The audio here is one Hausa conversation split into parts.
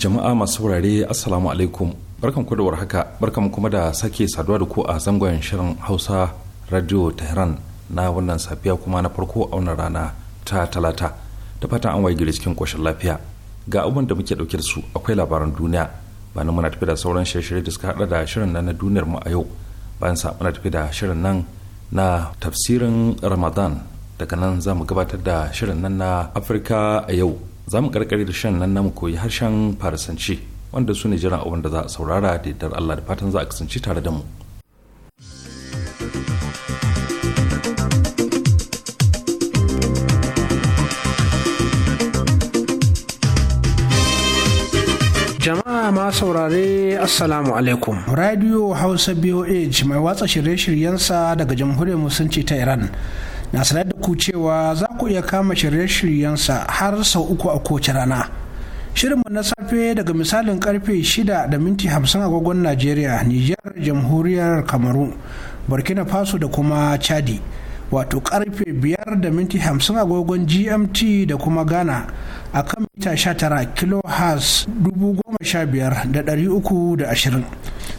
jama'a masu wurare assalamu alaikum barkan ku da haka barkan kuma da sake saduwa da ku a zangon shirin hausa radio tehran na wannan safiya kuma na farko a wannan rana ta talata da fatan an waye cikin koshin lafiya ga abin da muke dauke da su akwai labaran duniya ba nan muna tafi da sauran shirye-shirye da suka hada da shirin nan na duniyar mu a yau bayan sa muna tafi da shirin nan na tafsirin ramadan daga nan za mu gabatar da shirin nan na afirka a yau za mu karkare da shan nan namu koyi harshen farisanci wanda su ne jiran abin da za a saurara da yardar Allah da fatan za a kasance tare da mu. Jama'a ma saurare Assalamu alaikum. Radio Hausa BOH mai watsa shirye-shiryensa daga Jamhuriyar Musulunci ta Iran. na sanar da ku cewa za ku iya kama shirye-shiryensa har sau uku a kowace rana shirinmu na safe daga misalin karfe 6 da minti 50 agogon najeriya nijar jamhuriyar kamaru burkina faso da kuma chadi wato karfe 5 da minti 50 agogon gmt da kuma ghana a kan mita 19 kilohertz 15,320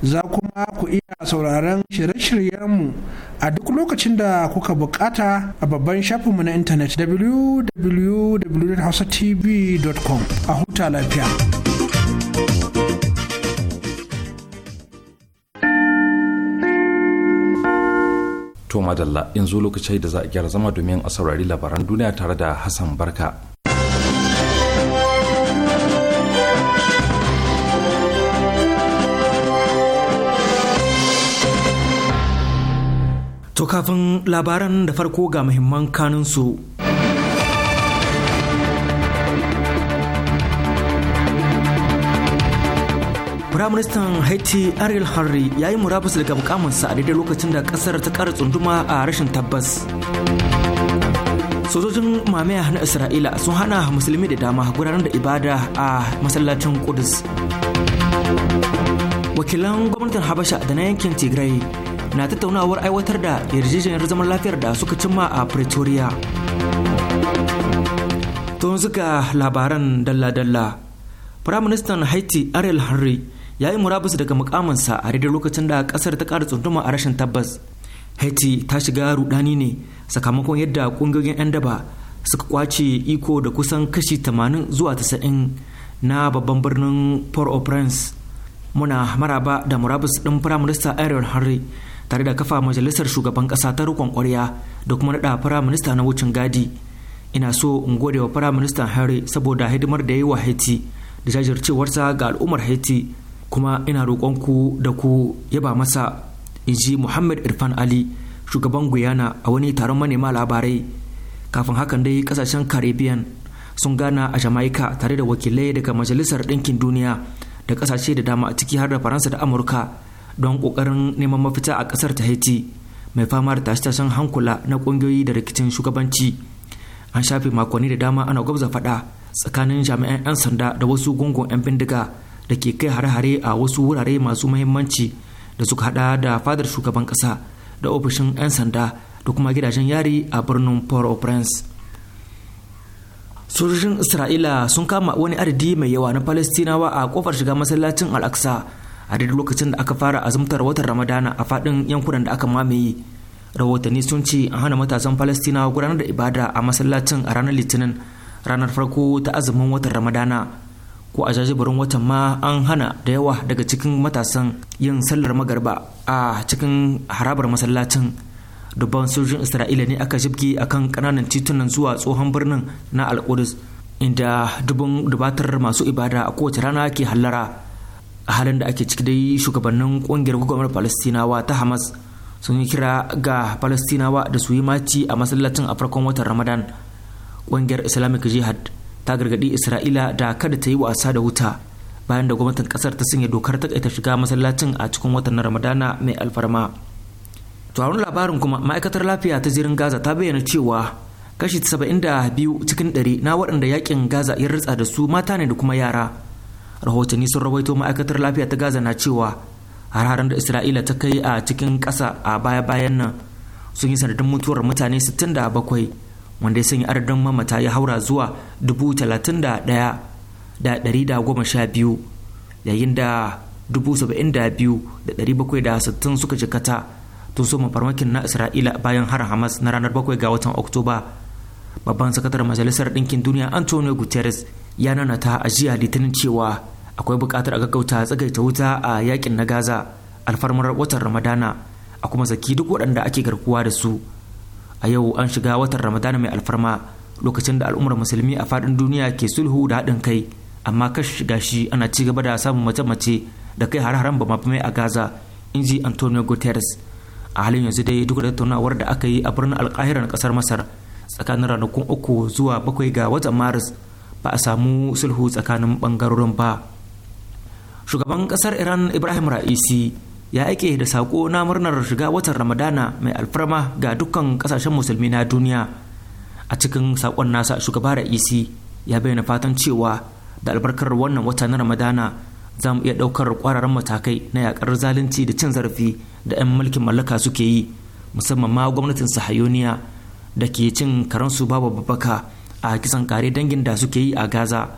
za kuma ku iya sauraron shirye-shiryenmu a duk lokacin da kuka bukata a babban shafinmu na intanet www.hausatv.com a huta lafiya. To madalla in zo lokacin da za a gyara zama domin a saurari labaran duniya tare da Hassan Barka. To kafin labaran da farko ga muhimman kanunsu. Firaministan Haiti Ariel Henry ya yi murabus daga mukamansa a daidai lokacin da ƙasar ta ƙara tsunduma a rashin tabbas. Sojojin mamaya na Isra'ila sun hana musulmi da dama gudanar da ibada a masallacin Kudus. Wakilan gwamnatin Habasha da na yankin Tigray na tattaunawar aiwatar da yarjejeniyar zaman lafiyar da suka cimma a pretoria tun zuga labaran dalla-dalla firaministan haiti ariel henry ya yi murabus daga mukamansa a daidai lokacin da kasar ta kara tsunduma a rashin tabbas haiti ta shiga rudani ne sakamakon yadda kungiyoyin 'yan daba suka kwace iko da kusan kashi 80 zuwa 90 na babban birnin port-au-prince muna maraba da murabus ɗin firaminista ariel henry tare da kafa majalisar shugaban ƙasa ta riƙon kwarya da kuma naɗa firaminista na wucin gadi ina so in gode wa firaministan harry saboda hidimar da ya yi wa haiti da jajircewarsa ga al'ummar haiti kuma ina ku da ku yaba masa in ji muhammad irfan ali shugaban guyana a wani taron manema labarai kafin hakan dai kasashen caribbean sun gana a jamaica tare da wakilai daga majalisar ɗinkin duniya da kasashe da dama a ciki har da faransa da amurka don kokarin neman mafita a kasar ta haiti mai fama da tashe-tashen hankula na ƙungiyoyi da rikicin shugabanci an shafe makonni da dama ana gwabza faɗa tsakanin jami'an 'yan sanda da wasu gungun 'yan bindiga da ke kai hare-hare a wasu wurare masu muhimmanci da suka hada da fadar shugaban kasa da ofishin 'yan sanda da kuma gidajen yari a birnin port-au-prince sojojin isra'ila sun kama wani adadi mai yawa na palestinawa a kofar shiga masallacin al-aqsa a duk lokacin da aka fara azumtar watan ramadana a faɗin yankunan da aka mamaye rahotanni sun ce an hana matasan palestina gudanar da ibada a masallacin a ranar litinin ranar farko ta azumin watan ramadana ko a jajibirin watan ma an hana da yawa daga cikin matasan yin sallar magarba a cikin harabar masallacin dubban sojin isra'ila ne aka jibge a kan kananan titunan zuwa tsohon birnin na alkudus inda dubun dubatar masu ibada a kowace rana ke hallara a halin da ake ciki dai shugabannin kungiyar gwamnatin palestinawa ta hamas sun yi kira ga palestinawa da su yi maci a masallacin a farkon watan ramadan kungiyar islamic jihad ta gargadi isra'ila da kada ta yi wasa da wuta bayan da gwamnatin kasar ta sanya dokar takaita shiga masallacin a cikin watan ramadana mai alfarma taron labarin kuma ma'aikatar lafiya ta jirin gaza ta bayyana cewa kashi 72 cikin 100 na waɗanda yakin gaza ya ritsa da su mata ne da kuma yara rahotanni sun rawaito ma'aikatar lafiya ta gaza na cewa har da isra'ila ta kai a cikin ƙasa a baya-bayan nan sun yi sanadin mutuwar mutane 67 wanda ya sanya adadin mamata ya haura zuwa 31,112 yayin da 72,760 suka jikata tun soma farmakin na isra'ila bayan har hamas na ranar 7 ga watan oktoba babban sakatar majalisar ɗinkin duniya antonio guterres ya nanata ta ajiya litinin cewa akwai bukatar a gaggauta tsagaita wuta a yakin na gaza alfarmar watan ramadana a kuma zaki duk waɗanda ake garkuwa da su a yau an shiga watan ramadana mai alfarma lokacin da al'ummar musulmi a faɗin duniya ke sulhu da haɗin kai amma kash shiga shi ana ci gaba da samun mace-mace da kai har-haren bamabamai a gaza in ji antonio guterres a halin yanzu dai duk da tattaunawar da aka yi a birnin alkahira na kasar masar tsakanin ranakun uku zuwa bakwai ga watan maris ba a samu sulhu tsakanin bangarorin ba shugaban ƙasar iran ibrahim ra'isi ya aike da sako na murnar shiga watan ramadana mai alfarma ga dukkan kasashen musulmi na duniya a cikin saƙon nasa shugaba ra'isi ya bayyana fatan cewa da albarkar wannan wata na ramadana za mu iya ɗaukar ƙwararren matakai na yaƙar zalunci da cin zarafi da 'yan mulkin mallaka suke yi musamman ma gwamnatin sahayoniya da ke cin karansu babu babbaka a kisan kare dangin da suke yi a gaza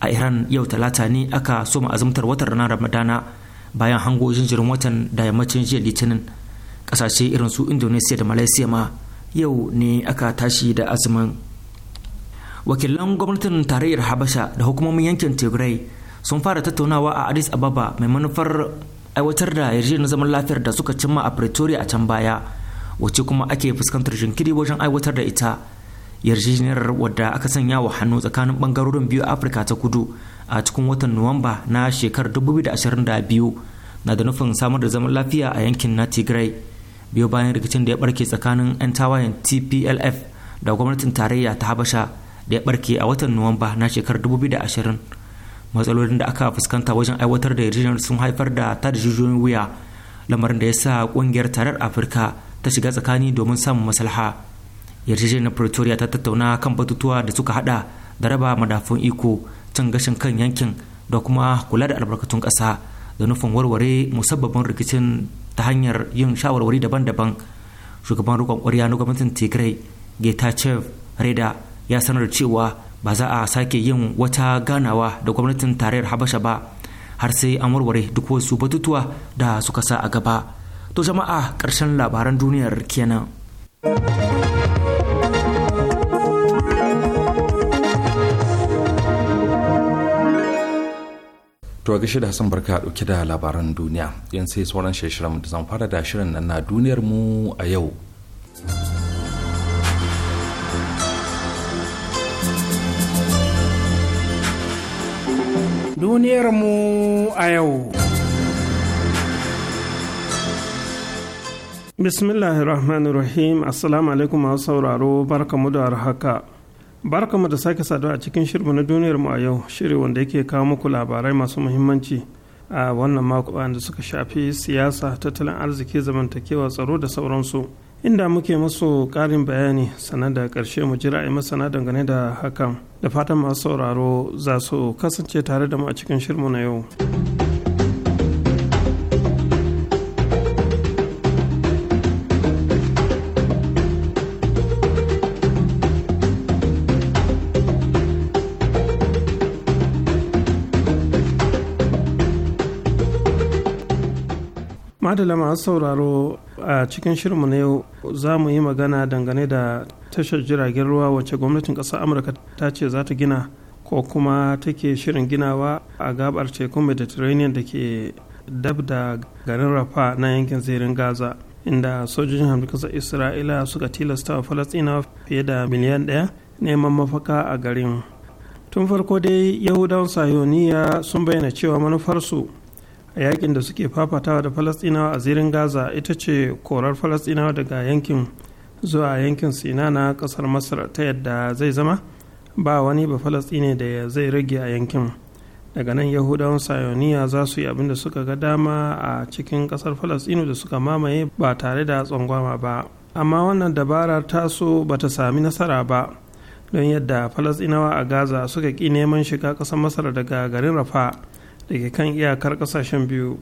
a iran yau talata ne aka soma azumtar watan ranar ramadana bayan hango jinjirin watan da yammacin jiya litinin kasashe irin su indonesia da malaysia ma yau ne aka tashi da azumin wakilan gwamnatin tarayyar habasha da hukumomin yankin tigray sun fara tattaunawa a addis ababa mai manufar aiwatar da yarjejeniyar zaman lafiyar da suka cimma a pretoria a can baya wace kuma ake fuskantar jinkiri wajen aiwatar da ita yarjejeniyar wadda aka sanya wa hannu tsakanin bangarorin biyu afirka ta kudu a cikin watan nuwamba na shekarar 2022 na da nufin samar da zaman lafiya a yankin na tigray biyo bayan rikicin da ya barke tsakanin 'yan tawayen tplf da gwamnatin tarayya ta habasha da ya barke a watan nuwamba na shekarar 2020 matsalolin da aka fuskanta wajen aiwatar da yarjejeniyar sun haifar da ta da jijiyoyin wuya lamarin da ya sa kungiyar tarar afirka ta shiga tsakani domin samun maslaha yarjejeniyar pretoria ta tattauna kan batutuwa da suka hada da raba madafun iko cin gashin kan yankin da kuma kula da albarkatun kasa da nufin warware musabbabin rikicin ta hanyar yin shawarwari daban-daban shugaban rukon kwarya na gwamnatin tigray getachew reda ya sanar cewa ba za a sake yin wata ganawa da gwamnatin tarayyar habasha ba har sai an warware duk wasu batutuwa da suka sa a gaba to jama'a ƙarshen labaran duniyar kenan. To a gashi da Hassan Barka dauke da labaran duniya. Yan sai sauran shirin da zan fara da shirin nan na duniyar mu a yau. Duniyar mu a yau. Bismillahirrahmanirrahim Assalamu alaikum masu sauraro barkamu da haka. mu da sake saduwa a cikin shirmu na duniyar mu a yau shiri wanda yake kawo muku labarai masu muhimmanci a wannan mako da suka shafi siyasa tattalin arziki zamantakewa tsaro da sauransu inda muke masu karin bayani sanar da karshe mu jira a masana dangane da hakan da fatan masu sauraro za su kasance tare da mu a cikin shirmu na yau. adala masu sauraro a cikin shirinmu na yau za mu yi magana dangane da tashar jiragen ruwa wacce gwamnatin ƙasar amurka ta ce za ta gina ko kuma take shirin ginawa a gabar tekun mediterranean da ke dab da garin rafa na yankin zirin gaza inda sojojin hamdukasar isra'ila suka tilasta wa falasina fiye da miliyan ɗaya neman mafaka a garin tun farko dai yahudawan sayoniya sun bayyana cewa manufarsu a yakin da suke fafatawa da falastinawa a zirin gaza ita ce korar falastinawa daga yankin zuwa yankin sina na kasar masar ta yadda zai zama ba wani ba falastine da zai rage a yankin daga nan yahudawan sayoniya za su yi abin da suka ga dama a cikin ƙasar falastinu da suka mamaye ba tare da tsangwama ba amma wannan dabarar taso ba ta sami nasara ba don yadda falastinawa a gaza suka ƙi neman shiga ƙasar masar daga garin rafa da kan iyakar kasashen biyu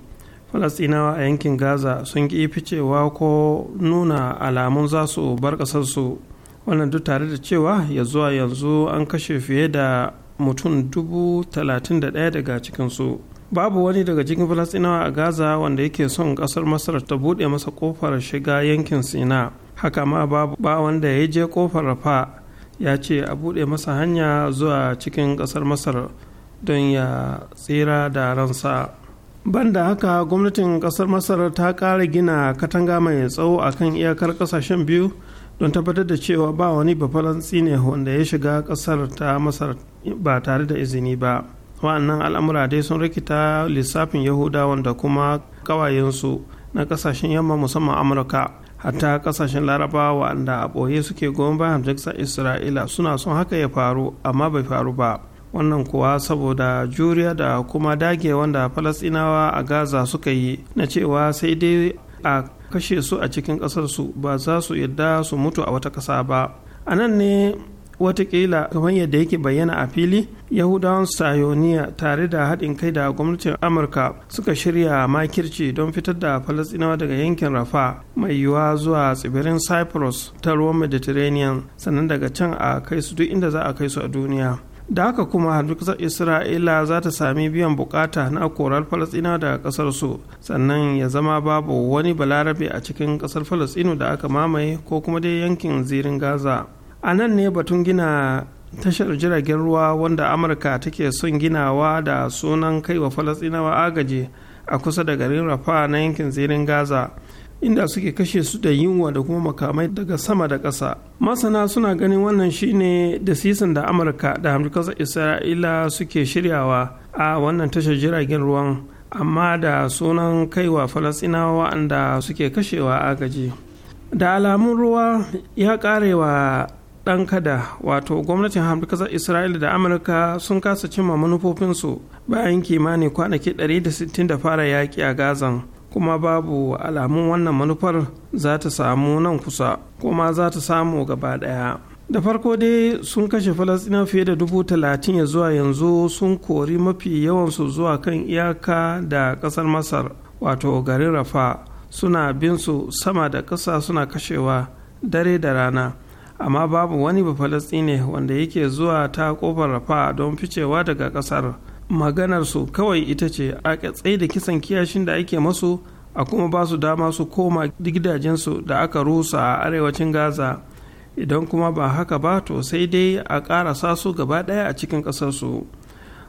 falastinawa a yankin gaza sun ƙi ficewa ko nuna alamun za su bar ƙasarsu wannan duk tare da cewa ya zuwa yanzu an kashe fiye da mutum dubu talatin da ɗaya daga cikinsu babu wani daga cikin falastinawa a gaza wanda yake son ƙasar masar ta buɗe masa ƙofar shiga yankin sina haka ma babu ba wanda ya je ƙofar rafa ya ce a buɗe masa hanya zuwa cikin ƙasar masar don ya tsira da ransa banda haka gwamnatin kasar masar ta ƙara gina katanga mai tsawo a kan iyakar ƙasashen biyu don tabbatar da cewa ba wani bafaransi tsine wanda ya shiga ƙasar ta masar ba tare da izini ba wa'annan al'amura dai sun rikita lissafin yahudawan da kuma ƙawayensu na ƙasashen yamma musamman amurka hatta ƙasashen larabawa wanda a ɓoye suke goma bayan jaksa isra'ila suna son haka ya faru amma bai faru ba wannan kuwa saboda juriya da kuma dage wanda falasinawa a gaza suka yi na cewa sai dai a kashe su a cikin ƙasarsu ba za su yadda su mutu a wata ƙasa ba a nan ne watakila kamar yadda yake bayyana a fili yahudawan sayoniya tare da haɗin kai da gwamnatin amurka suka shirya makirci don fitar da falastinawa daga yankin rafa mai yiwuwa zuwa tsibirin cyprus ta ruwan mediterranean sannan daga can a kai su duk inda za a kai su a duniya da haka kuma duk isra'ila za ta sami biyan bukata na korar falasina daga kasar su sannan ya zama babu wani balarabe a cikin kasar falasinu da aka mamaye ko kuma dai yankin zirin gaza a nan ne batun gina tashar jiragen ruwa wanda amurka take son ginawa da sunan kaiwa falasinawa agaji a kusa da garin rafa na yankin zirin gaza inda suke kashe su da yunwa da kuma makamai daga sama da ƙasa masana suna ganin wannan shine da sisan da amurka da hamdukasa isra'ila suke shiryawa a wannan tashar jiragen ruwan amma da sunan kaiwa falasinawa wa'anda suke kashewa agaji da alamun ruwa ya karewa ɗan kada wato gwamnatin hamdukasar isra'ila da amurka sun kasa cimma manufofinsu bayan kimanin kwanaki 160 da fara yaƙi a gazan kuma babu alamun wannan manufar za ta samu nan kusa kuma za ta samu gaba ɗaya da farko dai sun kashe falastina fiye da dubu talatin ya zuwa yanzu sun kori mafi yawansu zuwa kan iyaka da ƙasar masar wato garin rafa suna bin su sama da ƙasa suna kashewa dare da rana amma babu wani ba falastine wanda yake zuwa ta ƙofar rafa don ficewa daga ƙasar maganarsu kawai ita ce a tsaye da kisan kiyashin da ake masu a kuma ba su dama su koma gidajensu da aka rusa a arewacin gaza idan kuma ba haka ba to sai dai a ƙarasa su gaba ɗaya a cikin ƙasarsu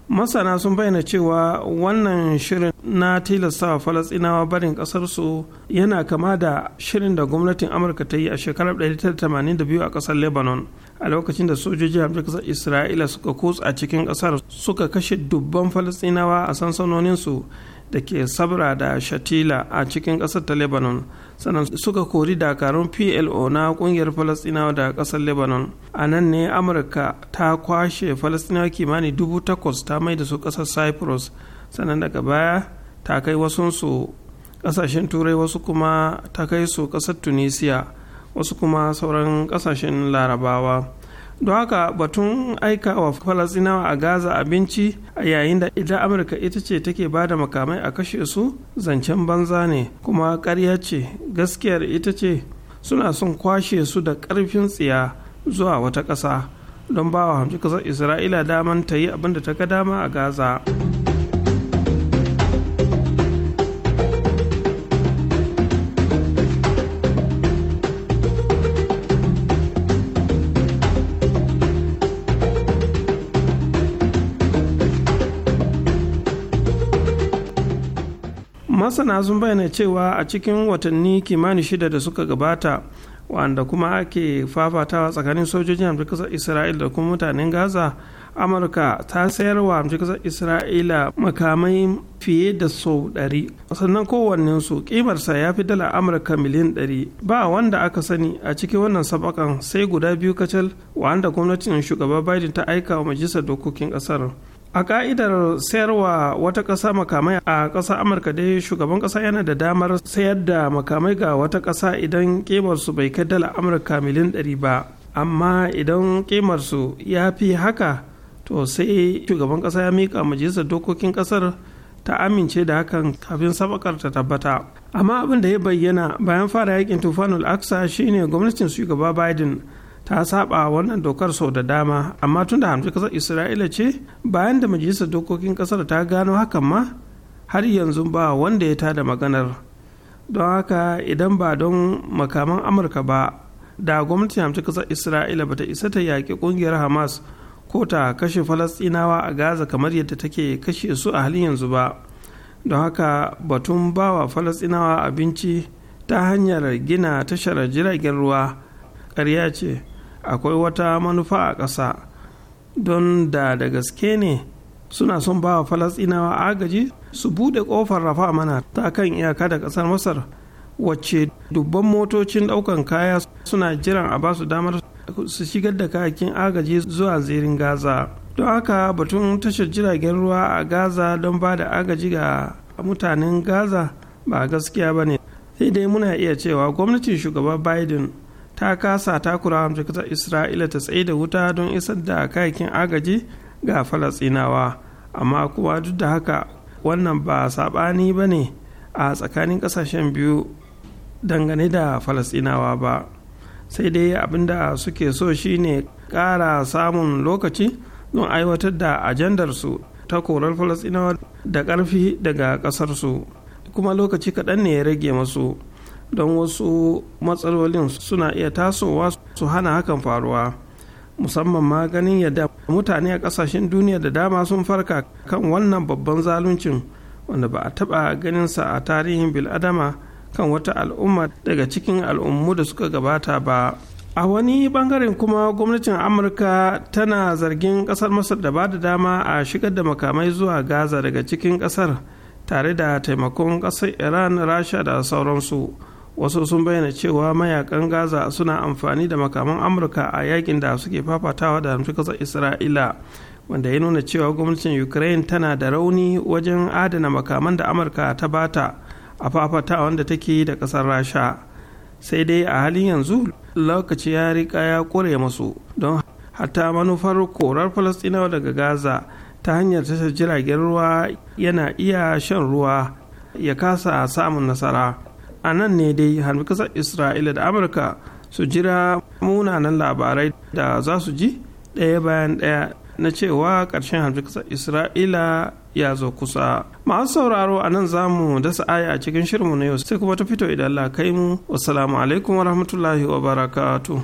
masana sun bayyana cewa wannan shirin na tilasta falasɗinawa barin ƙasarsu yana kama da shirin da gwamnatin amurka ta yi a shekarar 1982 a ƙasar lebanon a lokacin da sojoji hamshin ƙasar isra'ila suka kutsa cikin ƙasar suka kashe dubban falastinawa a sansanoninsu da ke sabra da shatila a cikin ƙasar ta lebanon sannan suka kori dakarun plo na ƙungiyar falastinawa da ƙasar lebanon a nan ne amurka ta kwashe falastinawa kimanin dubu takwas ta mai da su ƙasar cyprus sannan daga baya ta kai wasunsu kasashen turai wasu kuma ta kai su ƙasar tunisia wasu kuma sauran kasashen larabawa don haka batun aika wa falasinawa a gaza abinci a yayin da idan amurka ita ce take ba da makamai a kashe su zancen banza ne kuma karya ce gaskiyar ita ce suna son kwashe su da ƙarfin tsiya zuwa wata ƙasa don ba wa hamshi ƙasar isra'ila daman ta yi abin da ta ga dama a gaza. masana sun bayyana cewa a cikin watanni kimanin shida da suka gabata wanda kuma ake fafatawa tsakanin sojojin amurkasar isra'ila da kuma mutanen gaza amurka ta sayar wa amurkasar isra'ila makamai fiye da sau 100 sannan kowannensu kimarsa ya fi dala amurka miliyan 100 ba wanda aka sani a cikin wannan sabakan sai guda biyu kacal wanda gwamnatin shugaba biden ta aika wa majalisar dokokin kasar a ka'idar sayarwa wata ƙasa makamai a ƙasa amurka dai shugaban ƙasa yana da damar sayar da makamai ga wata ƙasa idan su bai kai dala amurka miliyan 100 ba amma idan su ya fi haka to sai shugaban ƙasa ya miƙa majalisar dokokin ƙasar ta amince da hakan kafin sabakar ta tabbata amma abin da ya bayyana bayan fara yakin tufanul aksa shine gwamnatin shugaba biden ta saba wannan dokar sau da dama amma tun da hamshi kasar isra'ila ce bayan da majalisar dokokin kasar ta gano hakan ma har yanzu ba wanda ya tada maganar don haka idan ba don makaman amurka ba da gwamnati hamshi kasar isra'ila bata isa ta yaƙi ƙungiyar hamas ko ta kashe falastinawa a gaza kamar yadda take kashe su a halin yanzu ba don haka batun bawa falastinawa abinci ta hanyar gina tashar jiragen ruwa ƙarya ce akwai wata manufa a ƙasa don da da gaske ne suna son ba wa falasɗinawa agaji su buɗe ƙofar rafa mana ta kan iyaka da ƙasar masar wacce dubban motocin ɗaukan kaya suna jiran a basu damar su shigar da kayakin agaji zuwa zirin gaza don haka batun tashar jiragen ruwa a gaza don ba da agaji ga mutanen gaza ba gaskiya ba ne sai dai muna iya cewa gwamnatin shugaba biden ta kasa takura amurka kasar isra'ila ta tsaye da wuta don isar da kayakin agaji ga falasinawa amma kuma duk da haka wannan ba saɓani ba ne a tsakanin ƙasashen biyu dangane da falasinawa ba sai dai abin da suke so shine ƙara samun lokaci don aiwatar da ajandarsu ta korar falasinawa da ƙarfi daga ƙasarsu kuma lokaci kaɗan ne ya rage masu don wasu matsalolin suna iya tasowa su hana hakan faruwa musamman ma ganin yadda mutane a kasashen duniya da dama sun farka kan wannan babban zaluncin wanda ba a taɓa sa a tarihin biladama kan wata al'umma daga cikin al'ummu da suka gabata ba a wani bangaren kuma gwamnatin amurka tana zargin kasar masar da ba da dama a shigar da makamai zuwa gaza daga cikin kasar tare da taimakon kasar iran rasha da sauransu wasu sun bayyana cewa mayakan gaza suna amfani da makaman amurka a yakin da suke fafatawa da hamshi kasar isra'ila wanda ya nuna cewa gwamnatin ukraine tana da rauni wajen adana makaman da amurka ta bata a fafata wanda take da ƙasar rasha sai dai a halin yanzu lokaci ya rika ya kure masu don hatta manufar korar falastinawa daga gaza ta hanyar tashar jiragen ruwa yana iya shan ruwa ya kasa samun nasara a nan ne dai harbi kasar isra'ila da amurka su jira munanan labarai da za su ji ɗaya bayan ɗaya na cewa ƙarshen harbi kasar isra'ila ya zo kusa masu sauraro a nan zamu mu dasa aya a cikin shirinmu na yau sai kuma ta fito idan Allah kai mu wasu alaikum warahmatullahi barakatuh.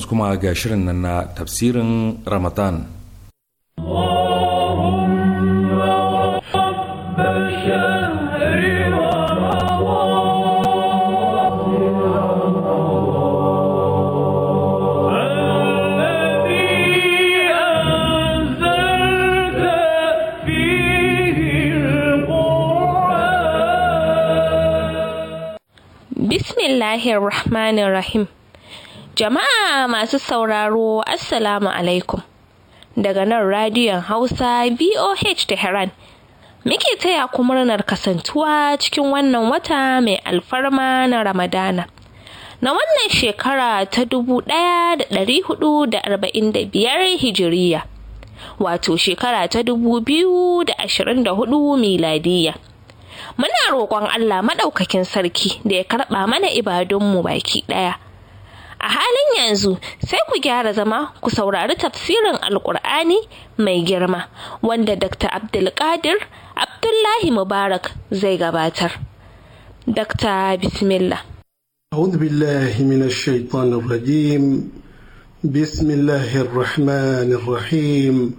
yanzu kuma ga shirin nan na tafsirin Ramadan. Bismillahirrahmanirrahim. Jama'a Jama'a masu sauraro Assalamu alaikum. Daga nan radiyon Hausa VOH Tehran. Muke taya ku murnar kasantuwa cikin wannan wata mai alfarma na Ramadana. Na wannan shekara ta dubu ɗaya da da da arba'in da biyar Hijiriya. Wato shekara ta dubu biyu da ashirin da hudu miladiya. Muna roƙon Allah maɗaukakin sarki da ya karɓa mana ibadunmu baki ɗaya. a halin yanzu sai ku gyara zama ku saurari tafsirin alkur'ani mai girma wanda dr abdulkadir abdullahi mubarak zai gabatar dr bismillah a'udhu billahi minash shaitanir rajim bismillahir rahmanir rahim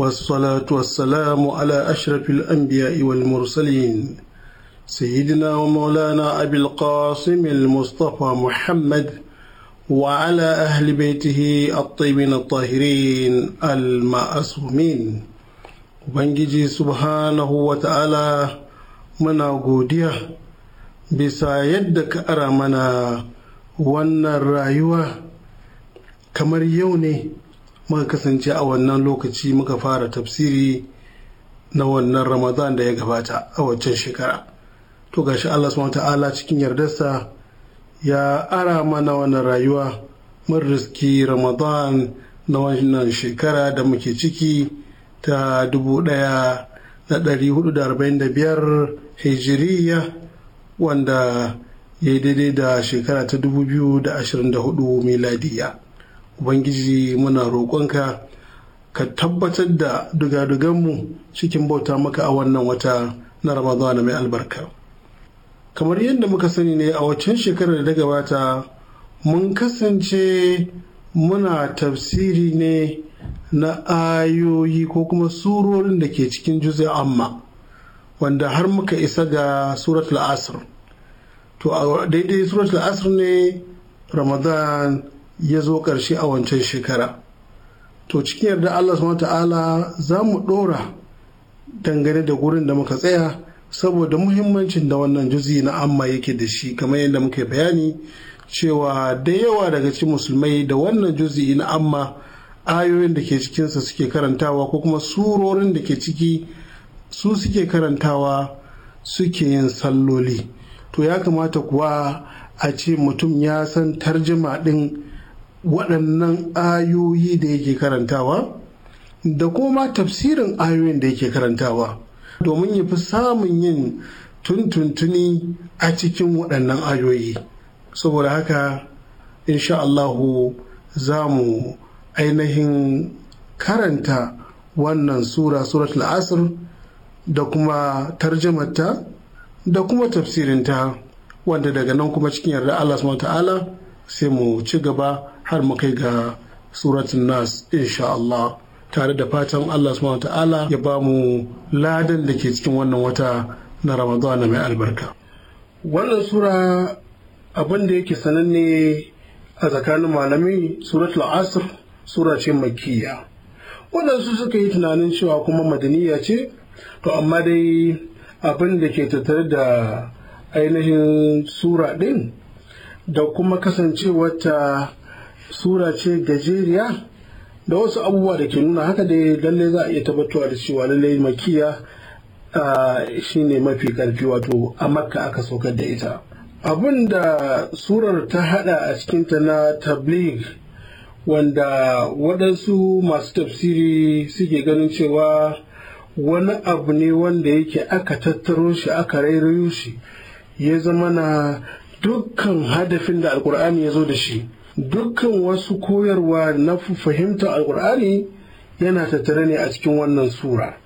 wassalatu wassalamu ala ashrafil anbiya'i wal mursalin سيدنا maulana أبي القاسم Mustapha Muhammad. وعلى أهل بيته الطيبين الطاهرين المعصومين Ubangiji subhanahu wa ta'ala muna godiya bisa yadda ka ara mana wannan rayuwa kamar yau ne muka kasance a wannan lokaci muka fara tafsiri na wannan ramadan da ya gabata a waccan shekara to gashi Allah subhanahu ta'ala cikin yardarsa ya ara mana wannan rayuwa mun riski ramadan na wannan shekara da muke ciki ta 1445 hijiriya wanda ya yi daidai da shekara ta 2024 miladiya ubangiji muna roƙonka ka tabbatar da dugaduganmu cikin bauta maka a wannan wata na ramadana mai albarka kamar yadda muka sani ne a waccan shekarar da ta gabata mun kasance muna tafsiri ne na ayoyi ko kuma surorin da ke cikin juzi amma wanda har muka isa ga suratul asr to a daidai suratul asr ne ramadan ya zo ƙarshe a wancan shekara to cikin yarda allah subhanahu ta'ala za mu ɗora dangane da gurin da muka tsaya saboda muhimmancin da wannan juzi na amma yake da shi kamar yadda muka bayani cewa da yawa daga cikin musulmai da wannan juzi na amma ayoyin da ke cikinsa suke karantawa ko kuma surorin da ke ciki su suke karantawa suke yin salloli to ya kamata kuwa a ce mutum ya san tarjima ɗin waɗannan ayoyi da yake karantawa da kuma tafsirin ayoyin da yake karantawa domin ya fi samun yin tuntuntuni a cikin waɗannan ayoyi saboda haka insha Allahu za mu ainihin karanta wannan sura suratul asr da kuma tarjamata da kuma tafsirinta wanda daga nan kuma cikin yarda Allah subhanahu ta'ala sai mu ci gaba har mu kai ga suratun nas insha Allah tare da fatan Allah subhanahu ta'ala ya ba mu ladan da ke cikin wannan wata na Ramadana mai albarka. Wannan sura abin da yake sananne a tsakanin malami suratul asr sura ce makkiya. Waɗansu suka yi tunanin cewa kuma madaniya ce, to amma dai abin da ke tattare da ainihin sura ɗin da kuma kasancewarta sura ce gajeriya da wasu abubuwa da ke nuna haka dai lalle za a iya tabbatuwa da cewa lalle makiya shine mafi karfi wato a makka aka saukar da ita abin da surar ta hada a cikinta na tablig wanda waɗansu masu tafsiri suke ganin cewa wani abu ne wanda yake aka tattaro shi aka rairayo shi ya zama na dukkan hadafin da alkur'ani ya zo da shi dukkan wasu koyarwa na fahimta alkur'ani yana tattare ne a cikin wannan sura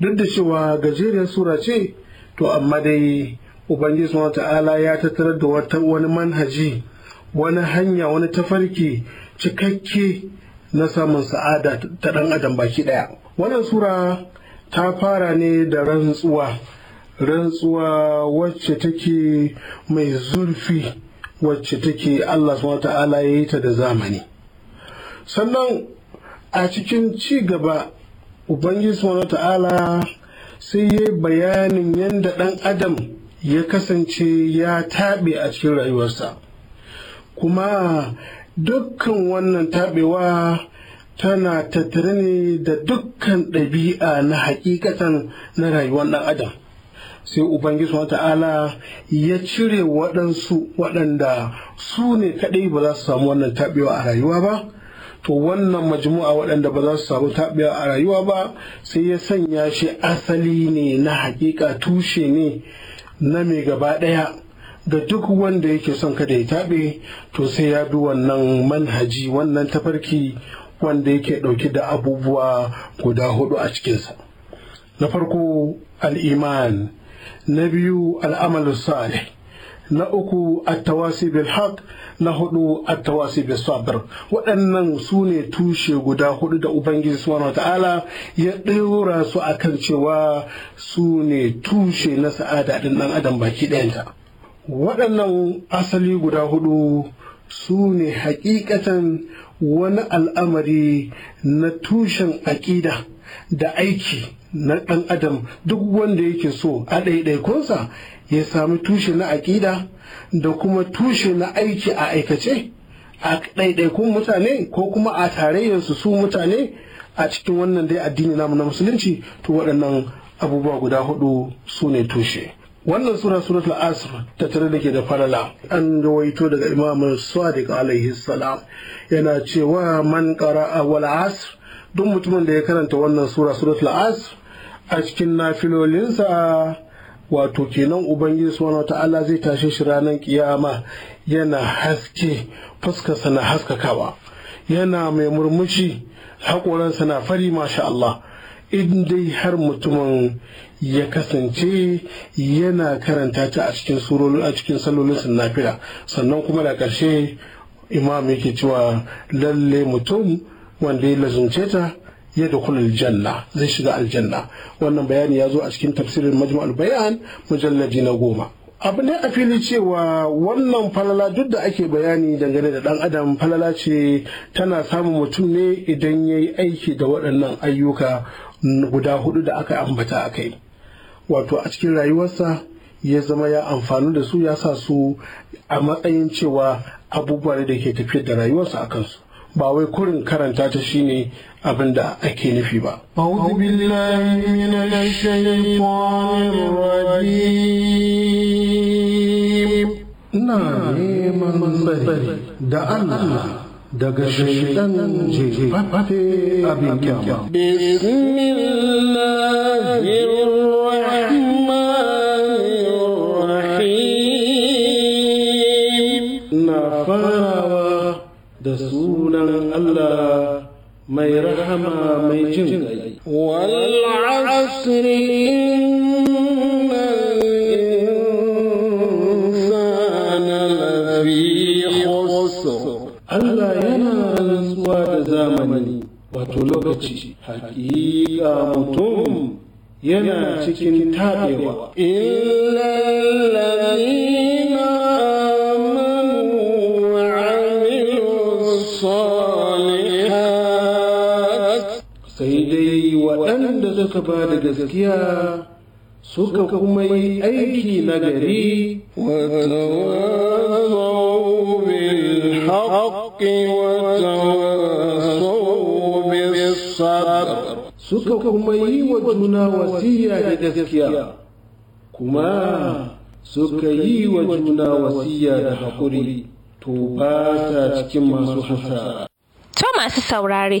duk da cewa gajeriyar sura ce to amma dai ubangiji wa ta'ala ya tattare da wata wani manhaji wani hanya wani tafarki cikakke na samun sa'ada ta ɗan adam baki ɗaya wannan sura ta fara ne da rantsuwa rantsuwa wacce take mai zurfi wacce take Allah su ya yi ta da zamani sannan a cikin ci gaba ubangiji su ta'ala sai ya bayanin yadda ɗan adam ya kasance ya taɓe a cikin rayuwarsa kuma dukkan wannan taɓewa tana tattare ne da dukkan ɗabi'a na hakikatan na rayuwar ɗan adam sai ubangiji wa ta'ala ya cire waɗansu waɗanda su ne kaɗai ba za su samu wannan taɓewa a rayuwa ba to wannan majmu'a waɗanda ba za su samu taɓewa a rayuwa ba sai ya sanya shi asali ne na haƙiƙa tushe ne na mai gaba ɗaya ga duk wanda yake son kada ya taɓe to sai ya bi wannan manhaji wannan tafarki wanda yake ɗauke da abubuwa guda hudu a cikinsa na farko al'iman na biyu al'amalu salih na uku attawasi bil na hudu attawasi bil sabr waɗannan su ne tushe guda hudu da ubangiji subhanahu ta'ala ya ɗora su akan cewa su ne tushe na sa'ada ɗin ɗan adam baki ɗayanta waɗannan asali guda hudu su ne hakikatan wani al'amari na tushen aƙida da aiki na ɗan adam duk wanda yake so a ɗaiɗaikunsa ya sami tushe na aƙida da kuma tushe na aiki a aikace a ɗaiɗaikun mutane ko kuma a tarayyarsu su mutane a cikin wannan dai addini namu na musulunci to waɗannan abubuwa guda hudu su ne tushe wannan sura suratul asr ta tare da ke da falala an gawaito daga imam sadiq alaihi salam yana cewa man qara'a wal asr duk mutumin da ya karanta wannan sura suratul as a cikin nafilolinsa wato kenan ubangiji subhanahu ta'ala zai tashe shi ranar kiyama yana haske fuskarsa na haskakawa yana mai murmushi haƙoransa na fari masha Allah in dai har mutumin ya kasance yana karanta ta a cikin surolin a cikin sun nafira sannan kuma da ƙarshe imam yake cewa lalle mutum wanda ya lazumce ta ya kula aljanna zai shiga aljanna wannan bayani ya zo a cikin tafsirin majmu'al bayan mujalladi na goma abu ne a fili cewa wannan falala duk da ake bayani dangane da dan adam falala ce tana samun mutum ne idan ya yi aiki da waɗannan ayyuka guda hudu da aka ambata a kai wato a cikin rayuwarsa ya zama ya amfani da su ya sa su a matsayin cewa abubuwa da ke tafiyar da rayuwarsa a kansu ba wai kurin karanta ta shi ne abin da ake nufi ba. Ina neman tsari da Allah daga shaidan jefafe abin kyama. Bismillahirrahmanirrahim. Na farawa da sunan Allah mai rahama mai jin ƙai. Allah yana rantsuwa da zamani wato lokaci haƙiƙa mutum yana cikin taɓewa. Illa suka ba da gaskiya suka kuma yi aiki na gari suka kuma yi wa juna wasiya da gaskiya kuma suka yi wa juna wasiya da hakuri to ba ta cikin masu hasara. To masu saurare.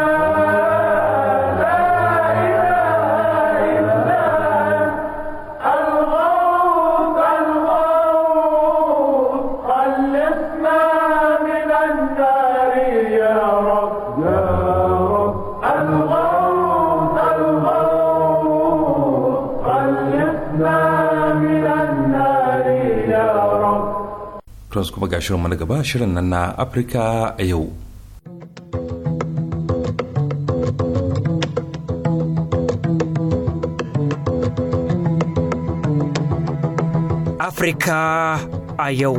yanzu kuma ga shirin na gaba shirin nan na Afirka a yau. Afirka a yau.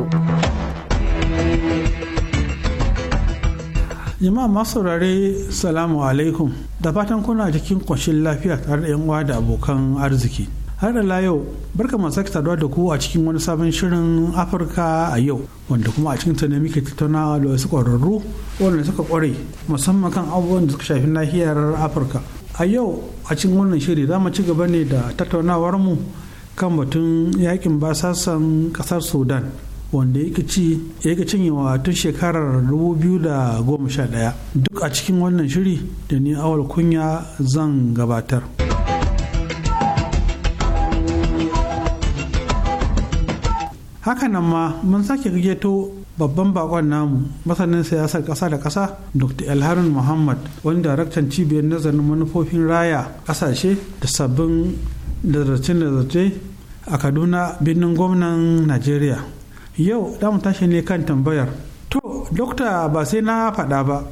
Jama'a masu saurare salamu alaikum da fatan kuna cikin kwashin lafiya tare da 'yan uwa da abokan arziki. har da yau barka masu sake saduwa da ku a cikin wani sabon shirin afirka a yau wanda kuma a cikin ne muke tattaunawa da wasu ƙwararru wanda suka kware musamman kan abubuwan da suka shafi nahiyar afirka a yau a cikin wannan shiri za mu ci gaba ne da tattaunawar mu kan batun yakin basasan ƙasar sudan wanda ya ci yake wa tun shekarar 2011 duk a cikin wannan shiri da ni awal kunya zan gabatar. haka nan ma mun sake gageto babban bakon namu masanin siyasar kasa da kasa dr elharun muhammad wani daraktan cibiyar nazarin manufofin raya kasashe da sabbin nazarce-nazarce a kaduna birnin gwamnan nigeria yau da mu tashi ne kan tambayar to dokta ba sai na faɗa ba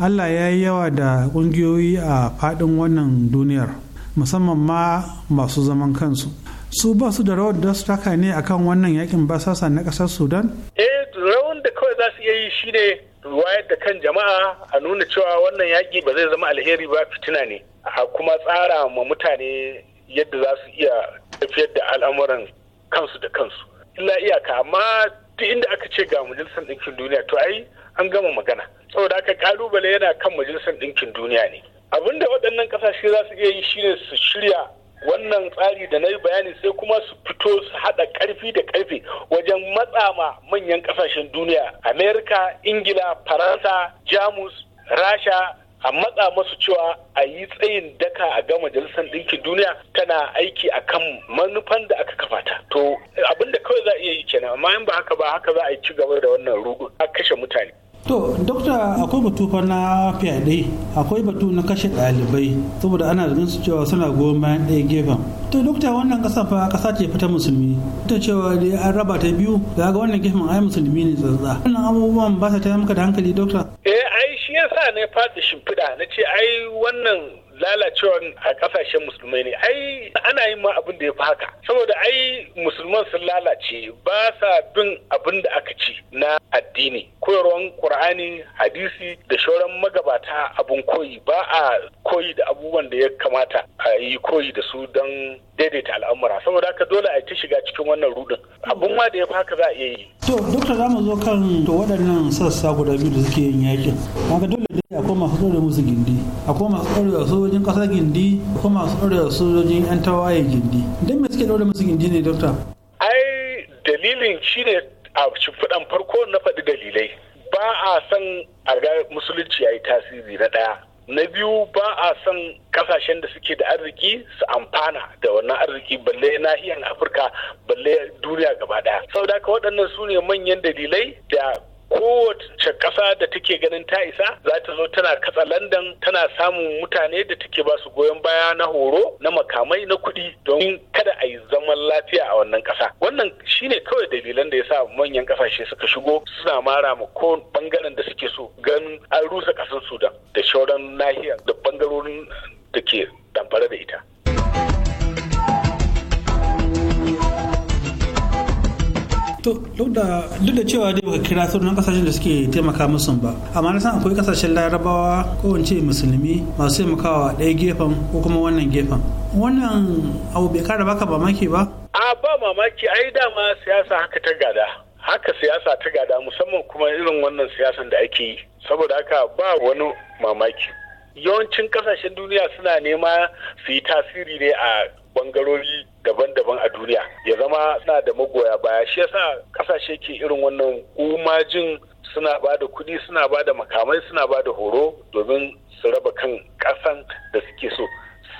allah ya yi yawa da ƙungiyoyi a faɗin wannan duniyar musamman ma masu zaman kansu su ba su da rawar da su taka ne akan wannan yakin basasa na kasar sudan eh rawar da kawai za su iya yi shine wayar da kan jama'a a nuna cewa wannan yaki ba zai zama alheri ba fitina ne a kuma tsara ma mutane yadda za su iya tafiyar da al'amuran kansu da kansu illa iyaka amma duk inda aka ce ga majalisar ɗinkin duniya to ai an gama magana saboda haka kalubale yana kan majalisar ɗinkin duniya ne abinda waɗannan ƙasashe za su iya yi shine su shirya wannan tsari da na yi bayani sai kuma su fito su haɗa ƙarfi da ƙarfe wajen matsama manyan ƙasashen duniya amerika ingila faransa jamus rasha a matsa masu cewa a yi tsayin daka a ga majalisar ɗinkin duniya tana aiki a kan manufan da aka kafa ta to abinda kawai za a iya yi kenan amma in ba haka ba haka za a yi ci gaba da wannan rugu a kashe mutane to dokta akwai batu fa na fyaɗe akwai batu na kashe ɗalibai saboda ana zargin su cewa suna goma ɗaya gefen to dokta wannan ƙasa fa ƙasa ce fita musulmi ta cewa dai an raba ta biyu ga wannan gefen ai musulmi ne tsantsa wannan abubuwan ba sa ta maka da hankali dokta eh ai shi yasa ne faɗi shimfiɗa na ce ai wannan Lalacewar a kasashen musulmai ne ai ana yin ma abin da ya fi haka saboda ai musulman sun lalace ba sa bin abin da aka ci na addini koyarwan qur'ani hadisi da shauran magabata abun koyi ba a koyi da abubuwan da ya kamata a yi koyi da su don daidaita al'amura saboda haka dole a ta shiga cikin wannan rudin abun ma da ya fi haka za a iya yi to dokta za mu zo kan to waɗannan sassa guda biyu da suke yin yakin kaga dole akwai masu da musu gindi akwai masu ɗorewa sojojin ƙasar gindi akwai masu ɗorewa sojojin 'yan tawaye gindi don me suke ɗore masu gindi ne dokta ai dalilin shi ne a shimfiɗan farko na faɗi dalilai ba a san a ga musulunci ya yi tasiri na ɗaya na biyu ba a son kasashen da suke da arziki su amfana da wannan arziki balle nahiyar afirka balle duniya gaba daya da ka waɗannan su ne manyan dalilai da kowace ƙasa da take ganin ta isa za ta zo tana katsa landan tana samun mutane da take ba su goyon baya na horo na makamai na kuɗi don kada a yi zaman lafiya a wannan ƙasa wannan shine kawai dalilan da ya sa manyan ƙasashe suka shigo suna mara ma ko bangaren da suke so ganin an rusa ƙasar sudan da shauran nahiyar da da duk da cewa dai baka kira sunan kasashen da suke taimaka musu ba amma na san akwai kasashen larabawa ko wance musulmi masu taimakawa ɗaya gefen ko kuma wannan gefen wannan abu bai kara baka mamaki ba a ba mamaki ai dama siyasa haka ta gada haka siyasa ta gada musamman kuma irin wannan siyasan da ake yi saboda haka ba wani mamaki yawancin kasashen duniya suna nema su yi tasiri ne a bangarori daban-daban a duniya ya zama suna da magoya baya shi yasa kasashe ke irin wannan umajin suna ba da kuɗi suna ba da makamai suna ba da horo domin su raba kan ƙasan da suke so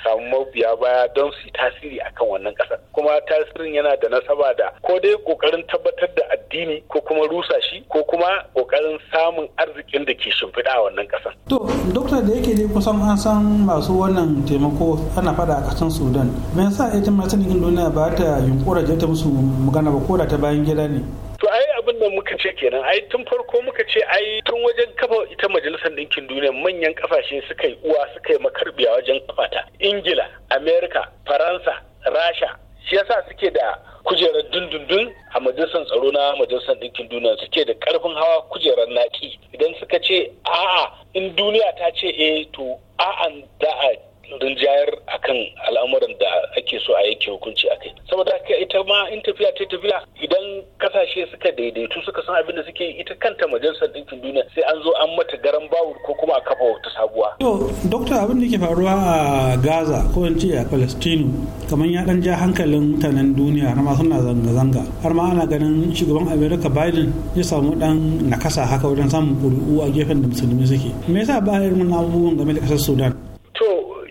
samu mabiya baya don su yi tasiri akan wannan ƙasar kuma tasirin yana da nasaba da ko dai ƙoƙarin tabbatar da addini ko kuma rusa shi ko kuma ƙoƙarin samun arzikin da ke shimfiɗa a wannan ƙasar. to dokta da yake ne kusan an san masu wannan taimako ana faɗa a ƙasar sudan me yasa ita masu duniya ba ta yunkura ta musu magana ba ko da ta bayan gida ne. To ai abin da muka ce kenan ai tun farko muka ce ai tun wajen kafa ita majalisar ɗinkin duniya manyan kafashe suka yi uwa suka yi makarbiya wajen kafa Ingila, Amerika, Faransa, Rasha shi yasa suke da kujerar dundundun a majalisar tsaro na majalisar ɗinkin duniya suke da karfin hawa kujerar naki idan suka ce a'a in duniya ta ce eh to a'a da rinjayar kan al'amuran da ake so a yake hukunci a kai saboda haka ita ma in tafiya ta tafiya idan kasashe suka daidaitu suka san abin da suke ita kanta majalisar ɗinkin duniya sai an zo an mata garan bawu ko kuma a kafa wata sabuwa. to dokta abin da ke faruwa a gaza ko in ce a palestine kamar ya ɗan ja hankalin mutanen duniya har ma suna zanga-zanga har ma ana ganin shugaban america biden ya samu ɗan nakasa haka wajen samun kuri'u a gefen da musulmi suke me yasa ba irin abubuwan game da ƙasar sudan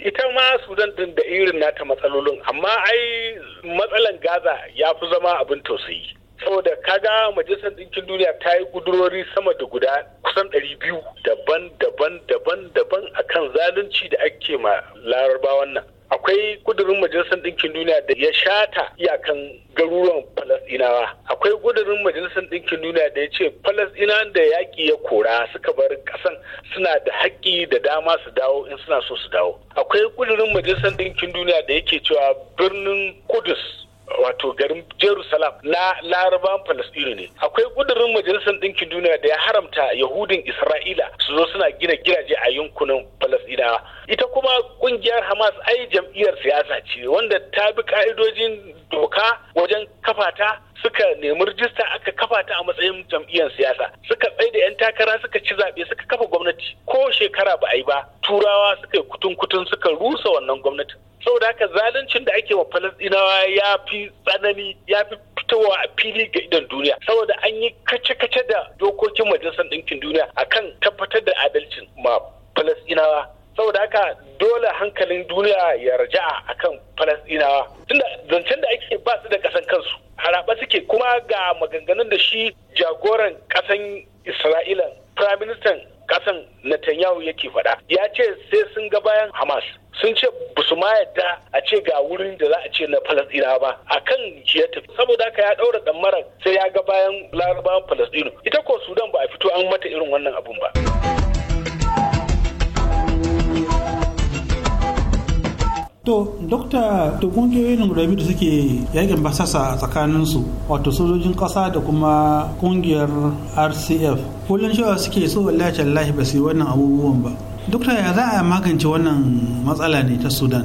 ita ma sudan din da irin nata matsalolin amma ai matsalan gaza ya fi zama abin tausayi saboda kaga majalisar ɗinkin duniya ta yi ƙudurori sama da guda kusan ɗari biyu daban daban daban daban akan zalunci da ake ma larabawan nan akwai kudurin majalisar ɗinkin duniya da ya shata iyakan garuruwan falasɗinawa akwai kudurin majalisar ɗinkin duniya da ya ce falasɗinawan da yaƙi ya kora suka bar ƙasan suna da haƙƙi da dama su dawo in suna so su dawo akwai kudurin majalisar ɗinkin duniya da yake cewa birnin kudus wato garin jerusalem na larabawan palestino ne akwai kudurin majalisar ɗinkin duniya da ya haramta yahudin isra'ila su zo suna gina gidaje a yankunan palestinawa ita kuma kungiyar hamas ai jam'iyyar siyasa ce wanda ta bi ka'idojin doka wajen kafata suka nemi rijista aka kafa ta a matsayin jam'iyyar siyasa suka tsaye da 'yan takara suka ci zaɓe suka kafa gwamnati ko shekara ba a yi ba turawa suka yi kutun kutun suka rusa wannan gwamnatin saboda haka zaluncin da ake wa falastinawa ya fi tsanani ya fi fitowa a fili ga idan duniya saboda an yi kace-kace da dokokin majalisar ɗinkin duniya akan tabbatar da adalcin ma falastinawa saboda haka dole hankalin duniya ya raja a kan falasɗinawa tunda zancen da ake ba su da ƙasan kansu haraba suke kuma ga maganganun da shi jagoran ƙasan isra'ila firaministan ƙasan netanyahu yake faɗa ya ce sai sun ga bayan hamas sun ce ba su ma yadda a ce ga wurin da za a ce na falasɗina ba a kan ya tafi saboda haka ya ɗaura ɗammarar sai ya ga bayan larabawan falasɗinu ita ko sudan ba a fito an mata irin wannan abun ba. To, Dokta, to da suke yakin basasa a tsakaninsu, wato sojojin ƙasa da kuma ƙungiyar RCF, kullum cewa suke so wallahi ba su yi wannan abubuwan ba. dokta ya za a magance wannan matsala ne ta sudan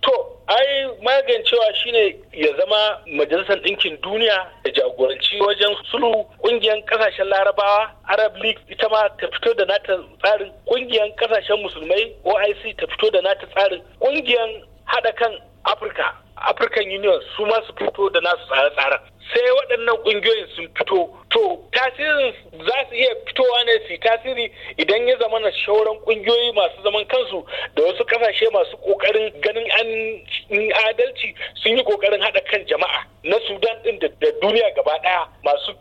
to ai magancewa shine ya zama majalisar ɗinkin duniya da jagoranci wajen sulhu ƙungiyar ƙasashen larabawa arab league ita ma ta fito da nata tsarin ƙungiyar ƙasashen musulmai oic ta fito da nata tsarin ƙungiyar haɗa kan afirka african union su ma su fito da nasu tsare tsare sai waɗannan ƙungiyoyin sun fito to tasirin za su iya fitowa ne su tasiri idan ya zama na shauran ƙungiyoyi masu zaman kansu da wasu ƙasashe masu ƙoƙarin ganin an adalci sun yi ƙoƙarin haɗa kan jama'a na sudan ɗin da duniya gaba ɗaya masu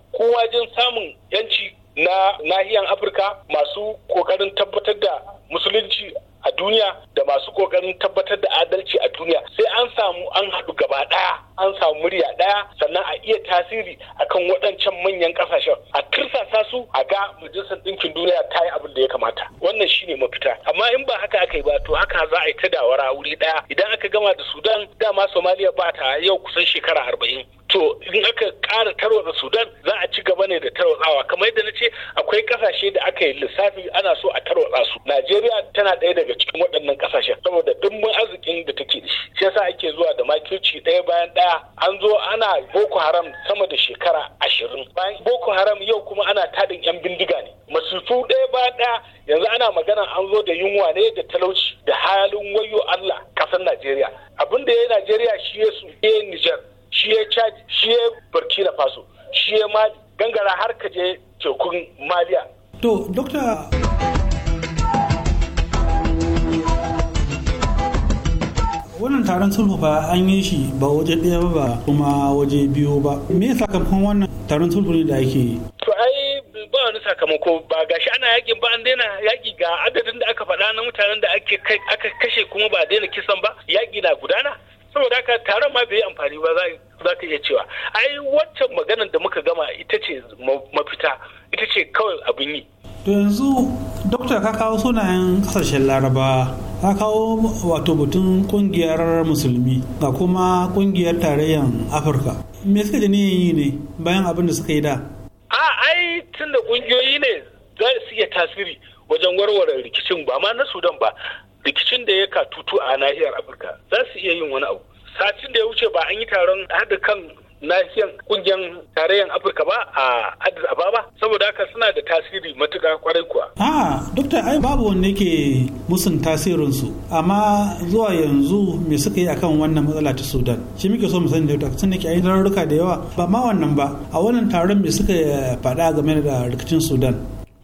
jin samun yanci na nahiyar afirka masu ƙoƙarin tabbatar da musulunci a duniya da masu kokarin tabbatar da adalci a duniya sai an samu an haɗu gaba ɗaya an samu murya ɗaya sannan a iya tasiri akan waɗancan manyan ƙasashen a kirsasa su a ga majalisar ɗinkin duniya ta yi abin da ya kamata wannan shine mafita amma in ba haka aka yi ba to haka za a yi ta dawara wuri ɗaya idan aka gama da sudan dama somaliya ba ta yau kusan shekara arba'in to in aka ƙara tarwatsa sudan za a ci gaba ne da tarwatsawa kamar yadda na ce akwai ƙasashe da aka yi lissafi ana so a tarwatsa su najeriya tana ɗaya daga cikin waɗannan ƙasashe, saboda dimbin arzikin da take da shi shi yasa ake zuwa da makirci ɗaya bayan ɗaya an zo ana boko haram sama da shekara ashirin bayan boko haram yau kuma ana taɗin yan bindiga ne masifu ɗaya bayan ɗaya yanzu ana magana an zo da yunwa ne da talauci da halin wayo allah ƙasar najeriya abin da ya yi najeriya shi ya su Nijar shi ya chad shi ya burkina faso shi ya mali gangara har ka je tekun maliya to dokta wannan taron sulhu fa an yi shi ba waje ɗaya ba kuma waje biyu ba me sakamakon wannan taron sulhu ne da ake yi to ai ba wani sakamako ba gashi ana yakin ba an daina yaki ga adadin da aka faɗa na mutanen da ake aka kashe kuma ba daina kisan ba yaki na gudana saboda haka taron ma bai amfani ba za ka iya cewa ai waccan maganar da muka gama ita ce mafita ita ce kawai abin yi to yanzu dokta ka kawo sunayen kasashen laraba ka kawo wato batun kungiyar musulmi ga kuma kungiyar tarayyar afirka me suka da niyan yi ne bayan abin da suka yi da a ai tun da kungiyoyi ne za su iya tasiri wajen warware rikicin ba ma na sudan ba rikicin da ya ka tutu a nahiyar afirka za su iya yin wani abu satin da ya wuce ba an yi taron haɗa kan nahiyar kungiyar tarayyar afirka ba a addis ababa saboda haka suna da tasiri matuka kwarai kuwa a dokta ai babu wanda yake musun tasirinsu amma zuwa yanzu me suka yi akan wannan matsala ta sudan shi muke so mu sani da sun yake ayi tarurruka da yawa ba ma wannan ba a wannan taron me suka faɗa game da rikicin sudan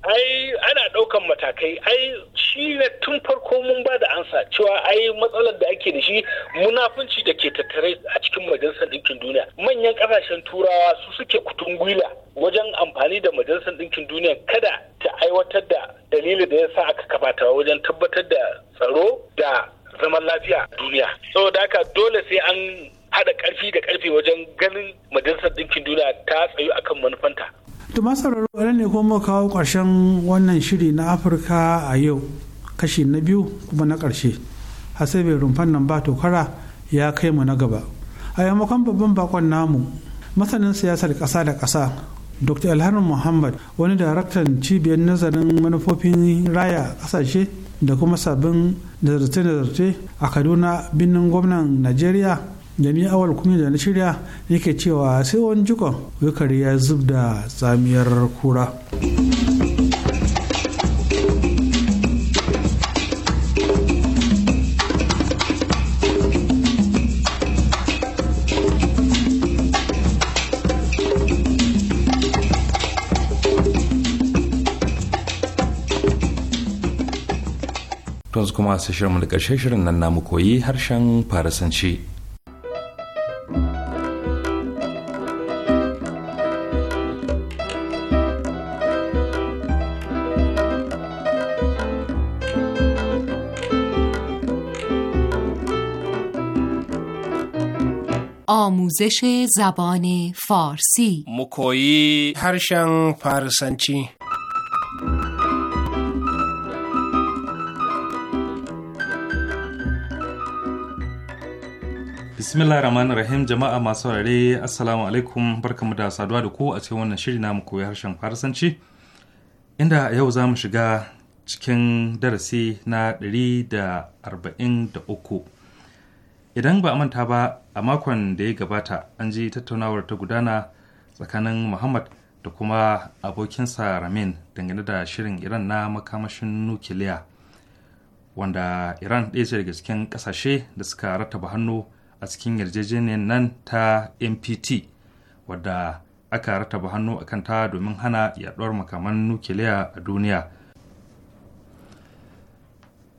ai ana ɗaukan matakai ai shi ne tun farko mun ba da ansa cewa ai matsalar da ake da shi munafunci da ke tattare a cikin majalisar ɗinkin duniya manyan ƙasashen turawa su suke kutun gwila wajen amfani da majalisar ɗinkin duniya kada ta aiwatar da dalilin da ya sa aka kabata wajen tabbatar da tsaro da zaman lafiya a duniya saboda haka dole sai an haɗa ƙarfi da karfi wajen ganin majalisar ɗinkin duniya ta tsayu akan manufanta to masarar ne kuma kawo ƙarshen wannan shiri na afirka a yau kashi na biyu kuma na ƙarshe hasabe rumfan nan ba tokara ya kai mu na gaba a yammakon babban bakon namu masanin siyasar ƙasa da ƙasa dr Alhari muhammad wani daraktan cibiyar nazarin manufofin raya ƙasashe da kuma sabbin nazarce-nazarce a kaduna birnin gwamnan najeriya da ni awal kuma da na shirya yake cewa sai wani jikon wikari ya zub da tsamiyar kura kuma su shirin da ƙarshe shirin nan namu koyi harshen farasanci آموزش زبان فارسی مکویی هرشن فارسنچی bismillah rahman rahim jama'a masu rare assalamu alaikum barkamu da saduwa da ku a cikin wannan shiri namu koyi harshen farsanci inda yau za mu shiga cikin darasi na 143 idan ba a manta ba a makon da ya gabata an ji tattaunawar ta gudana tsakanin muhammad da kuma abokinsa ramin dangane da shirin iran na makamashin nukiliya wanda iran ɗaya ce daga cikin ƙasashe da suka rattaba hannu a cikin yarjejeniyar nan ta mpt wadda aka rattaba hannu a kanta domin hana yaɗuwar makaman nukiliya a duniya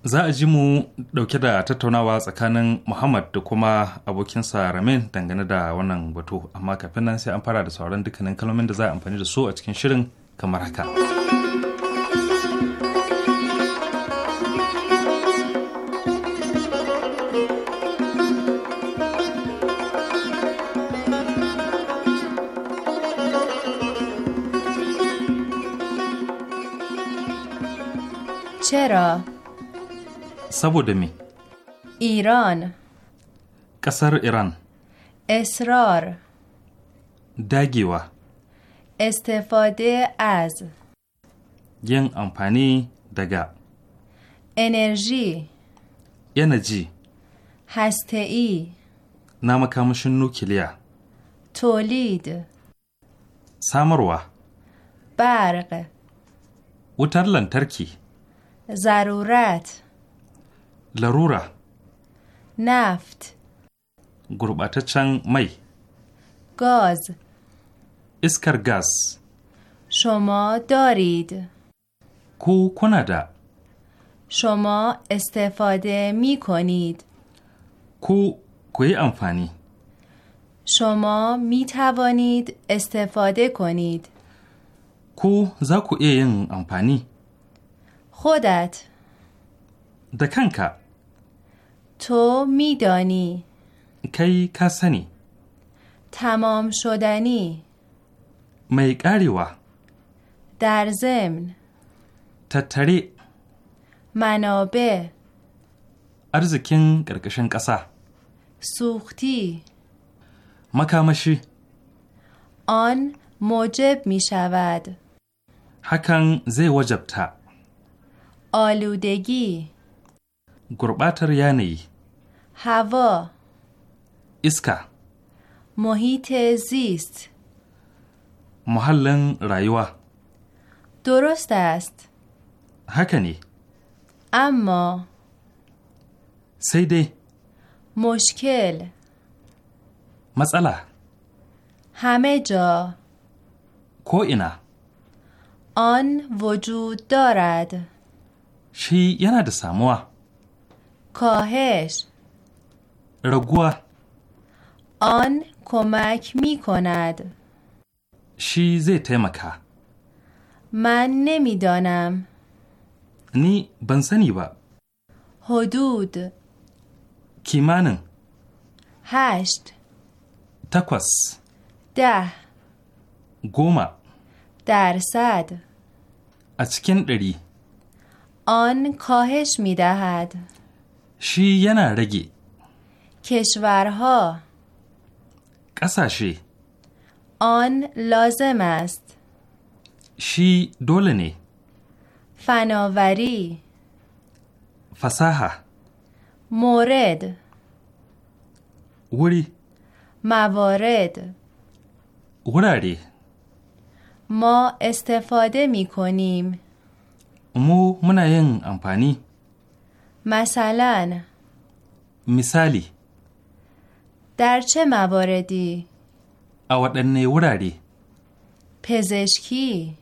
za a ji mu dauke da tattaunawa tsakanin muhammad da kuma abokinsa ramin dangane da wannan batu amma kafin nan sai an fara da sauran dukkanin kalmomin da za a amfani da su a cikin shirin kamar haka چرا؟ saboda me? Iran. Ƙasar Iran. Esrar. Dagewa. Estefade az. Yin amfani daga. Energy. Yanaji. Haste'i. Na makamashin nukiliya. Tolid. Samarwa. Barg. Wutar lantarki. Zarurat. لرورا نفت گرباتچن می گاز اسکر گاز شما دارید کو کندا شما استفاده می کنید کو کوی امفانی شما می توانید استفاده کنید کو زاکو این خودت دکنکا تو میدانی کی کسنی تمام شدنی می و در ضمن تتری منابع ارزکین قرقشن قسا سوختی مکامشی آن موجب می شود حکن زی وجب تا آلودگی گرباتر یعنی هوا اسکا محیط زیست محل رایوه درست است هکنی اما سیده مشکل مسئله همه جا کوینا آن وجود دارد شی یه ساموه کاهش raguwa. On kumak konad. Shi zai taimaka. Man nemi donam. Ni ban sani ba. Hudud. Kimanin. Hasht. Takwas. Da. Goma. Darsad. A cikin ɗari. On kohesh midahad. Shi yana rage. کشورها کساشی آن لازم است شی دولنی فناوری فساحه مورد وری موارد وراری ما استفاده می کنیم مو منعین امپانی مثلا مثالی در چه مواردی؟ اوادنه وراری پزشکی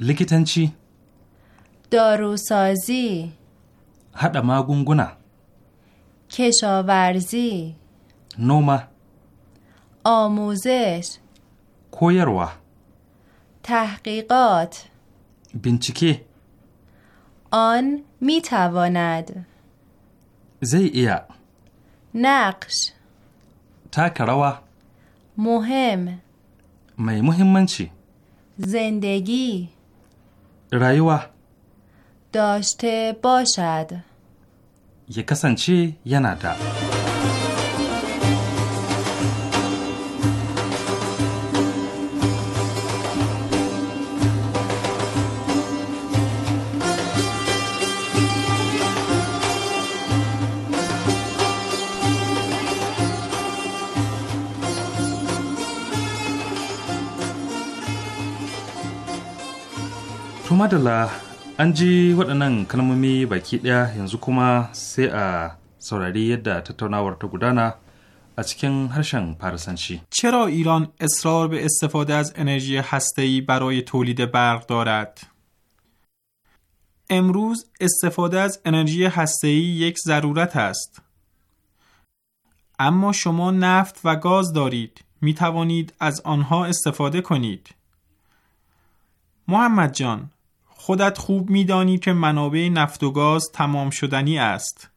لیکتنچی داروسازی ما ماگونگونا کشاورزی نوما آموزش کویروه تحقیقات بینچکی آن می تواند زی ایا نقش taka rawa muhim mai muhimmanci zindagi rayuwa doshte boshad ya kasance yana da. madala an ji waɗannan kalmomi baki ɗaya yanzu kuma sai a saurari yadda tattaunawar ta gudana a cikin harshen فارسنچی چرا ایران اصرار به استفاده از انرژی هسته‌ای برای تولید برق دارد؟ امروز استفاده از انرژی هسته‌ای یک ضرورت است. اما شما نفت و گاز دارید. می توانید از آنها استفاده کنید. محمد جان، خودت خوب میدانی که منابع نفت و گاز تمام شدنی است.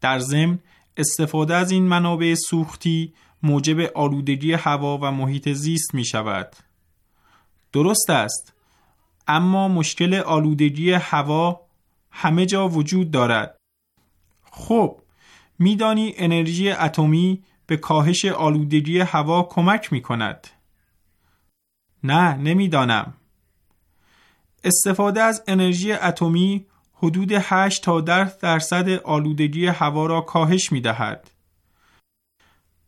در ضمن استفاده از این منابع سوختی موجب آلودگی هوا و محیط زیست می شود. درست است. اما مشکل آلودگی هوا همه جا وجود دارد. خب میدانی انرژی اتمی به کاهش آلودگی هوا کمک می کند. نه نمیدانم. استفاده از انرژی اتمی حدود 8 تا 10 درصد آلودگی هوا را کاهش می دهد.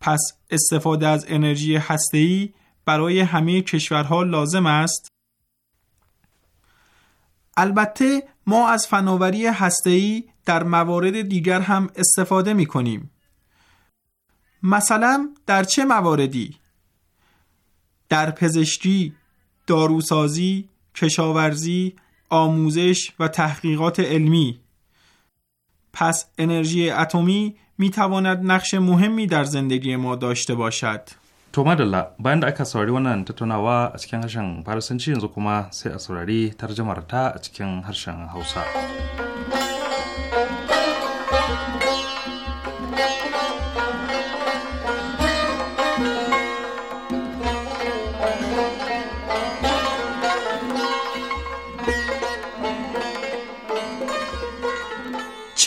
پس استفاده از انرژی هسته‌ای برای همه کشورها لازم است. البته ما از فناوری هسته‌ای در موارد دیگر هم استفاده می کنیم. مثلا در چه مواردی؟ در پزشکی، داروسازی، کشاورزی، آموزش و تحقیقات علمی پس انرژی اتمی می تواند نقش مهمی در زندگی ما داشته باشد. To madalla bayan da aka saurari wannan tattaunawa a cikin harshen Farisanci yanzu kuma sai a saurari tarjamar ta a cikin harshen Hausa.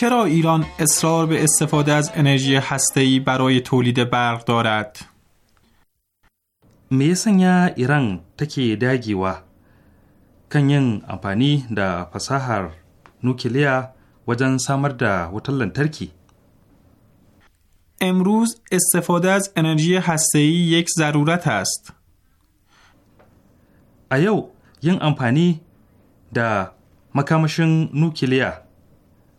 چرا ایران اصرار به استفاده از انرژی هسته‌ای برای تولید برق دارد؟ me ایران sanya Iran و dagewa kan yin amfani da و nukiliya wajen samar da wutar امروز استفاده از انرژی هسته‌ای یک ضرورت است. a yau yin amfani da makamashin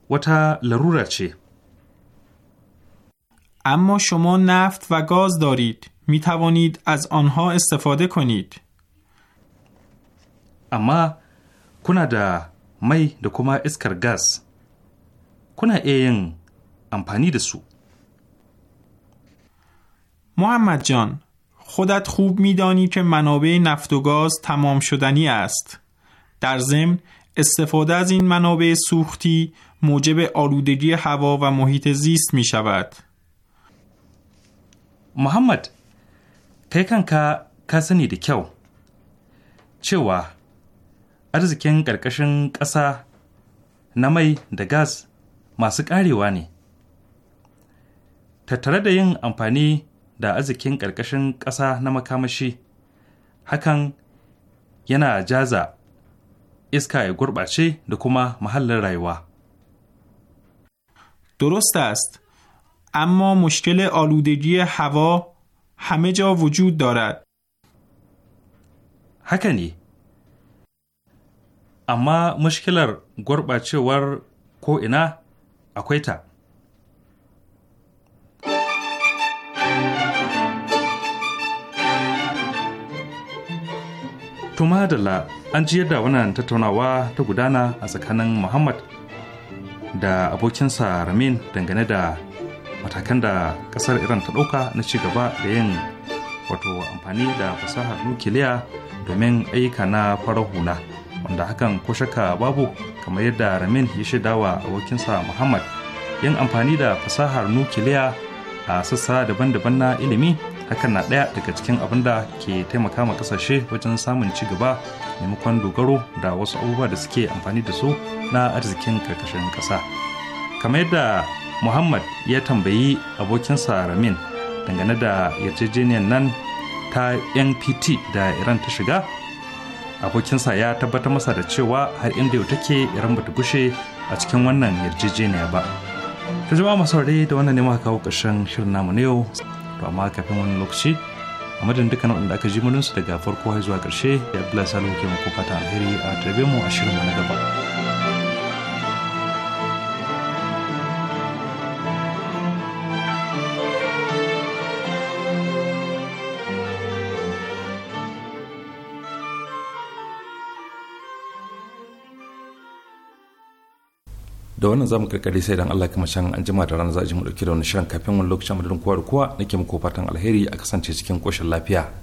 وتا چه اما شما نفت و گاز دارید می توانید از آنها استفاده کنید اما kuna د می da kuma اسکر محمد جان خودت خوب میدانی که منابع نفت و گاز تمام شدنی است در ضمن استفاده از این منابع سوختی موجب آلودگی هوا و محیط زیست می شود. محمد کیکن که کسانی دی کیو چوا ارزکین قرقشن قسا نمای da gas masu ƙarewa ne tattare da yin amfani da arzikin ƙarƙashin ƙasa na makamashi hakan yana jaza iska ya gurɓace da kuma mahallin rayuwa درست است اما مشکل آلودگی هوا همه جا وجود دارد هکنی اما مشکل گربچه ور کو اینا اکویتا تو madalla an ji yadda wannan tattaunawa ta gudana da abokinsa ramin dangane da matakan da kasar iran ta ɗauka na ci gaba da yin wato amfani da fasahar nukiliya domin ayyuka na farar hula wanda hakan ko shakka babu kamar yadda ramin ya shaida wa abokinsa muhammad yin amfani da fasahar nukiliya a sassa daban-daban na ilimi hakan na ɗaya daga cikin abin da ke taimaka ma ƙasashe wajen samun ci gaba maimakon dogaro da wasu abubuwa da suke amfani da su na arzikin ƙarƙashin ƙasa kamar yadda muhammad ya tambayi abokinsa ramin dangane da yarjejeniyar nan ta npt da iran ta shiga abokinsa ya tabbatar masa da cewa har inda yau take iran bata gushe a cikin wannan yarjejeniya ba ta jama'a masu da wannan ne muka kawo ƙarshen shirin namu na yau to amma kafin wani lokaci a madadin dukkan waɗanda aka ji su daga farko a zuwa ƙarshe da abdullahi salihu ke muku fata alheri a tarbe mu a shirin na gaba. da wannan zamu karkare sai dan Allah kuma shan an da rana za a ji mu dauke da wani shirin kafin wani lokacin madadin kowa da kowa nake muku fatan alheri a kasance cikin koshin lafiya